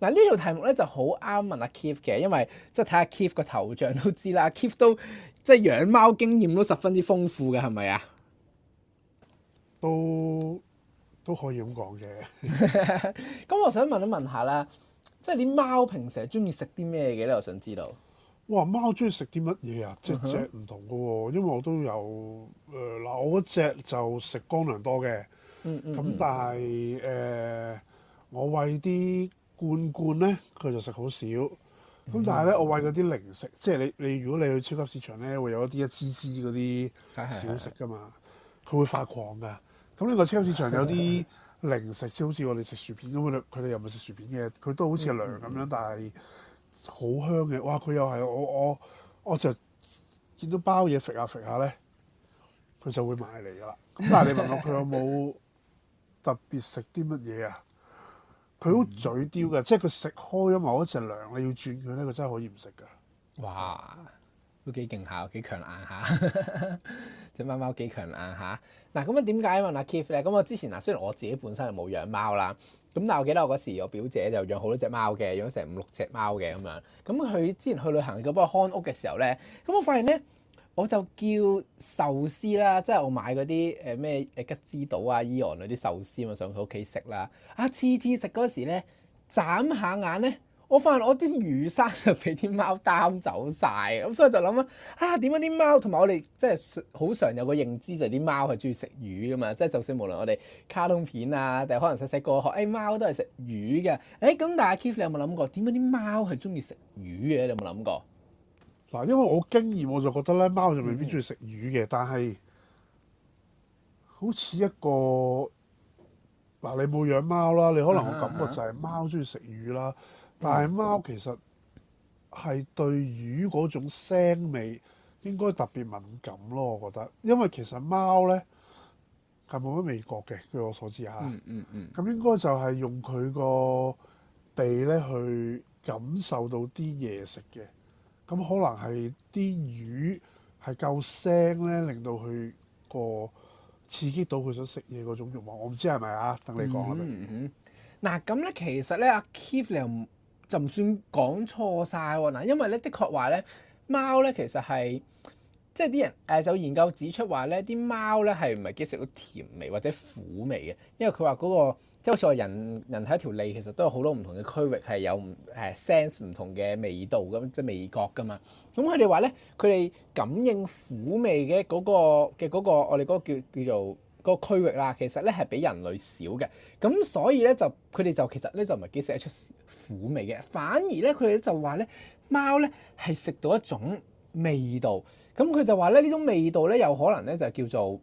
嗱呢條題目咧就好啱問阿 Keith 嘅，因為即係睇下 Keith 個頭像都知啦，Keith 都即係養貓經驗都十分之豐富嘅，係咪啊？都都可以咁講嘅。咁我想問一問下啦，即係啲貓平時中意食啲咩嘅咧？我想知道。哇！貓中意食啲乜嘢啊？即係隻唔同嘅喎，因為我都有誒嗱，我隻就食乾糧多嘅。嗯咁但係誒，我餵啲。嗯嗯罐罐咧，佢就食好少。咁但係咧，我餵嗰啲零食，即係你你如果你去超級市場咧，會有一啲一支支嗰啲小食㗎嘛。佢會發狂㗎。咁呢個超級市場有啲零食，即好似我哋食薯片咁啊。佢哋又唔係食薯片嘅，佢都好似係糧咁樣，但係好香嘅。哇！佢又係我我我就見到包嘢揈下揈下咧，佢就會買嚟㗎啦。咁但係你問我佢有冇特別食啲乜嘢啊？佢好嘴刁嘅，即係佢食開咗某一隻糧，你要轉佢咧，佢真係可以唔食嘅。哇，都幾勁下，幾強硬下，隻 貓貓幾強硬下。嗱，咁樣點解啊？問阿 Kif 咧，咁我之前嗱，雖然我自己本身係冇養貓啦，咁但係我記得我嗰時我表姐就養好多隻貓嘅，養咗成五六隻貓嘅咁樣。咁佢之前去旅行，就幫我看屋嘅時候咧，咁我發現咧。我就叫壽司啦，即係我買嗰啲誒咩誒吉之島啊、伊岸嗰啲壽司啊，上佢屋企食啦。啊，次次食嗰時咧，眨下眼咧，我發現我啲魚生就俾啲貓擔走晒。咁所以就諗啦，啊，啊點解啲貓同埋我哋即係好常有個認知就係啲貓係中意食魚噶嘛？即係就算無論我哋卡通片啊，定係可能細細個學，誒、哎、貓都係食魚嘅。誒、哎、咁，但係 Kief，你有冇諗過點解啲貓係中意食魚嘅？你有冇諗過？嗱，因為我經驗，我就覺得咧，貓就未必中意食魚嘅。但係好似一個嗱，你冇養貓啦，你可能我感覺就係貓中意食魚啦。但係貓其實係對魚嗰種腥味應該特別敏感咯，我覺得。因為其實貓咧係冇乜味覺嘅，據我所知嚇。嗯，嗯，咁應該就係用佢個鼻咧去感受到啲嘢食嘅。咁可能係啲魚係夠腥咧，令到佢個刺激到佢想食嘢嗰種慾望，我唔知係咪啊？等你講啊！嗱、嗯，咁、嗯、咧、嗯、其實咧阿 Keith 你就唔算講錯晒喎嗱，因為咧的確話咧，貓咧其實係。即係啲人誒、呃、就研究指出話咧，啲貓咧係唔係幾食到甜味或者苦味嘅？因為佢話嗰個即係好似話人人係一條脷，其實都有好多唔同嘅區域係有唔誒、呃、sense 唔同嘅味道咁，即係味覺噶嘛。咁佢哋話咧，佢哋感應苦味嘅嗰個嘅嗰個我哋嗰個叫叫做個區域啦，其實咧係比人類少嘅。咁所以咧就佢哋就其實咧就唔係幾食得出苦味嘅，反而咧佢哋就話咧貓咧係食到一種。味道，咁佢就話咧，呢種味道咧，有可能咧就叫做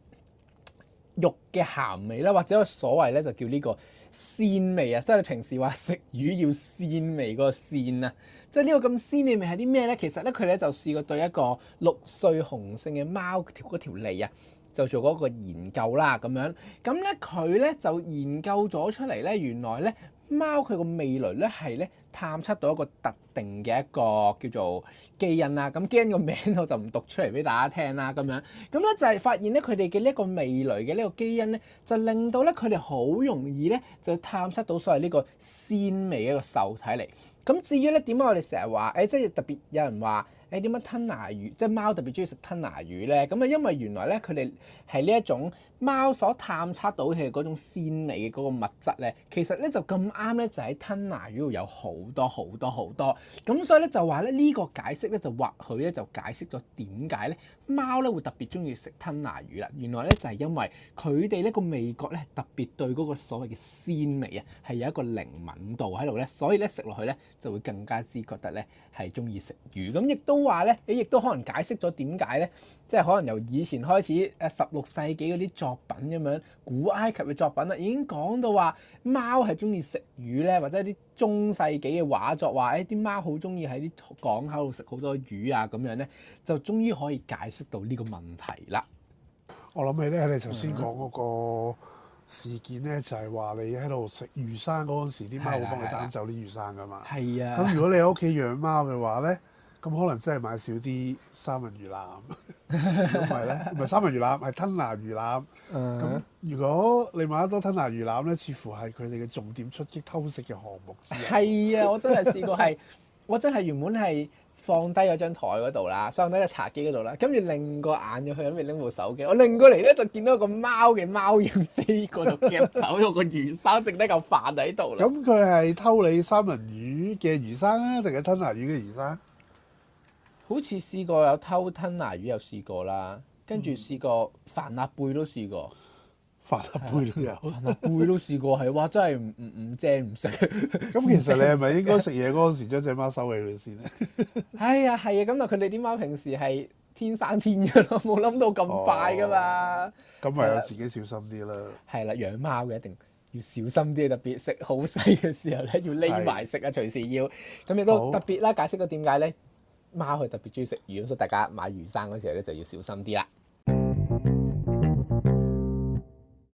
肉嘅鹹味啦，或者所謂咧就叫呢個鮮味啊，即係你平時話食魚要鮮味個鮮啊，即係呢個咁鮮嘅味係啲咩咧？其實咧佢咧就試過對一個六歲雄性嘅貓條嗰條脷啊，就做嗰個研究啦咁樣，咁咧佢咧就研究咗出嚟咧，原來咧。貓佢個味蕾咧係咧探測到一個特定嘅一個叫做基因啦，咁基因個名我就唔讀出嚟俾大家聽啦，咁樣，咁咧就係發現咧佢哋嘅呢一個味蕾嘅呢個基因咧，就令到咧佢哋好容易咧就探測到所謂呢個鮮味一個受體嚟。咁至於咧點解我哋成日話，誒即係特別有人話。係點樣吞拿魚，即係貓特別中意食吞拿魚咧。咁啊，因為原來咧佢哋係呢一種貓所探測到嘅嗰種鮮味嘅嗰個物質咧，其實咧就咁啱咧，就喺吞拿魚度有好多好多好多。咁所以咧就話咧呢、呢個解釋咧就或許咧就解釋咗點解咧貓咧會特別中意食吞拿魚啦。原來咧就係、係、因為佢哋呢個味覺咧特別對嗰個所謂嘅鮮味啊係有一個靈敏度喺度咧，所以咧食落去咧就會更加之覺得咧係中意食魚咁，亦都。話咧，你亦都可能解釋咗點解咧，即係可能由以前開始誒，十六世紀嗰啲作品咁樣，古埃及嘅作品啦，已經講到話貓係中意食魚咧，或者啲中世紀嘅畫作話，誒，啲貓好中意喺啲港口度食好多魚啊，咁樣咧，就終於可以解釋到呢個問題啦。我諗起咧，你頭先講嗰個事件咧，嗯、就係話你喺度食魚生嗰陣時，啲貓會幫你擔走啲魚生噶嘛？係啊。咁、啊、如果你喺屋企養貓嘅話咧？咁可能真係買少啲三文魚腩，唔係咧，唔係三文魚腩，係吞拿魚腩。咁、嗯、如果你買得多吞拿魚腩咧，似乎係佢哋嘅重點出擊偷食嘅項目。係啊，我真係試過係， 我真係原本係放低咗張台嗰度啦，收低個茶几嗰度啦。咁而另擰個眼入去，咁而拎部手機，我擰過嚟咧就見到個貓嘅貓影飛過， 就夾走咗個魚生，剩低嚿飯喺度啦。咁佢係偷你三文魚嘅魚生啊，定係吞拿魚嘅魚生？好似試過有偷吞牙魚，又試過啦，跟住試過凡納貝都試過，凡納、嗯、的貝都、啊、有，凡納 貝都試過係，哇！真係唔唔唔精唔識。咁 其實你係咪應該食嘢嗰陣時將隻貓收起佢先咧？哎呀， 係啊，咁啊，佢哋啲貓平時係天生天嘅咯，冇諗到咁快噶嘛。咁咪、哦、有自己小心啲啦。係啦，養貓嘅一定要小心啲，特別食好細嘅時候咧，要匿埋食啊，的隨時要。咁亦都特別啦，解釋咗點解咧？貓佢特別中意食魚，所以大家買魚生嗰時候咧，就要小心啲啦。